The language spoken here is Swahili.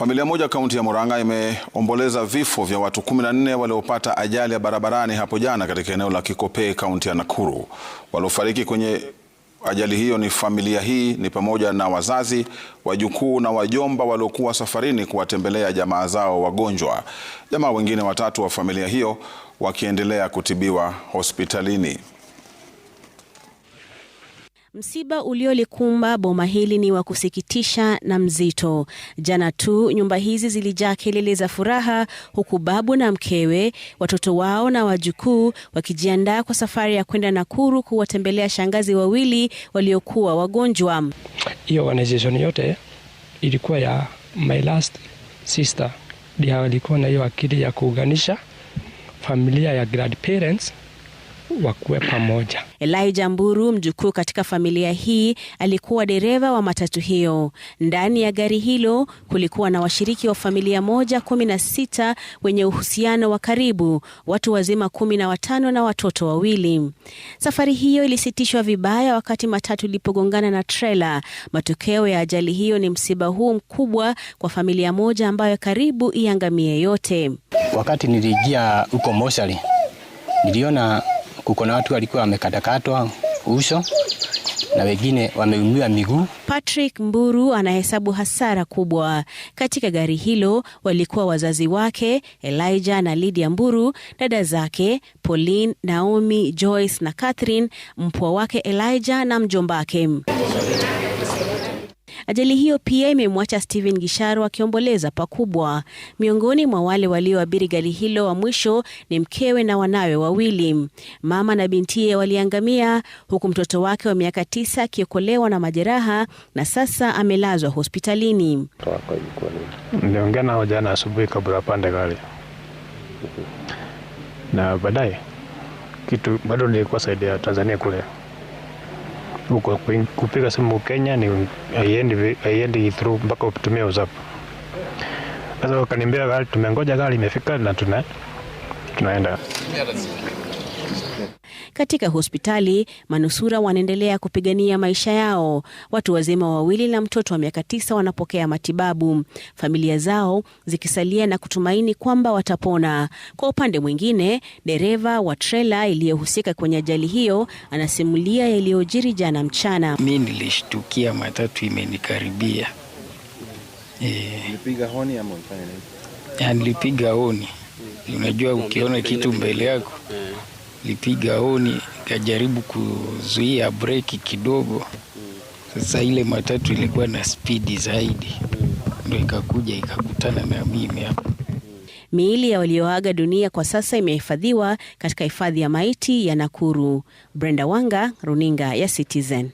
Familia moja kaunti ya Murang'a imeomboleza vifo vya watu 14 waliopata ajali ya barabarani hapo jana katika eneo la Kikopey kaunti ya Nakuru. Waliofariki kwenye ajali hiyo ni familia hii ni pamoja na wazazi, wajukuu na wajomba waliokuwa safarini kuwatembelea jamaa zao wagonjwa. Jamaa wengine watatu wa familia hiyo wakiendelea kutibiwa hospitalini. Msiba uliolikumba boma hili ni wa kusikitisha na mzito. Jana tu nyumba hizi zilijaa kelele za furaha, huku babu na mkewe, watoto wao na wajukuu wakijiandaa kwa safari ya kwenda Nakuru kuwatembelea shangazi wawili waliokuwa wagonjwa. Hiyo organization yote ilikuwa ya my last sister, ndio walikuwa na hiyo akili ya kuunganisha familia ya grandparents wakuwe pamoja. Elijah Mburu, mjukuu katika familia hii, alikuwa dereva wa matatu hiyo. Ndani ya gari hilo kulikuwa na washiriki wa familia moja kumi na sita wenye uhusiano wa karibu, watu wazima kumi na watano na watoto wawili. Safari hiyo ilisitishwa vibaya wakati matatu ilipogongana na trela. Matokeo ya ajali hiyo ni msiba huu mkubwa kwa familia moja ambayo karibu iangamie yote. Wakati nilijia huko Mosali niliona kuko na watu walikuwa wamekatakatwa uso na wengine wameumia miguu. Patrick Mburu anahesabu hasara kubwa. Katika gari hilo walikuwa wazazi wake Elijah na Lydia Mburu, dada zake Pauline, Naomi, Joyce na Catherine, mpwa wake Elijah na mjombake. Ajali hiyo pia imemwacha Steven Gisharo akiomboleza pakubwa. Miongoni mwa wale walioabiri gari hilo wa mwisho ni mkewe na wanawe wawili. Mama na bintiye waliangamia huku mtoto wake wa miaka tisa akiokolewa na majeraha na sasa amelazwa hospitalini. Niliongea nao jana asubuhi kabla apande gari na baadaye kitu bado nilikuwa saidi ya Tanzania kule kupiga simu Kenya ni haiendi haiendi through mpaka utumie WhatsApp. Sasa wakaniambia gari, tumengoja gari imefika na tuna tunaenda katika hospitali, manusura wanaendelea kupigania maisha yao. Watu wazima wawili na mtoto wa miaka tisa wanapokea matibabu, familia zao zikisalia na kutumaini kwamba watapona. Kwa upande mwingine, dereva wa trela iliyohusika kwenye ajali hiyo anasimulia yaliyojiri jana mchana. Mi nilishtukia matatu imenikaribia e, honi, honi. Unajua, ukiona kitu mbele yako lipiga honi, ikajaribu kuzuia breki kidogo. Sasa ile matatu ilikuwa na spidi zaidi, ndo ikakuja ikakutana na mimi hapa. Miili ya walioaga dunia kwa sasa imehifadhiwa katika hifadhi ya maiti ya Nakuru. Brenda Wanga, runinga ya Citizen.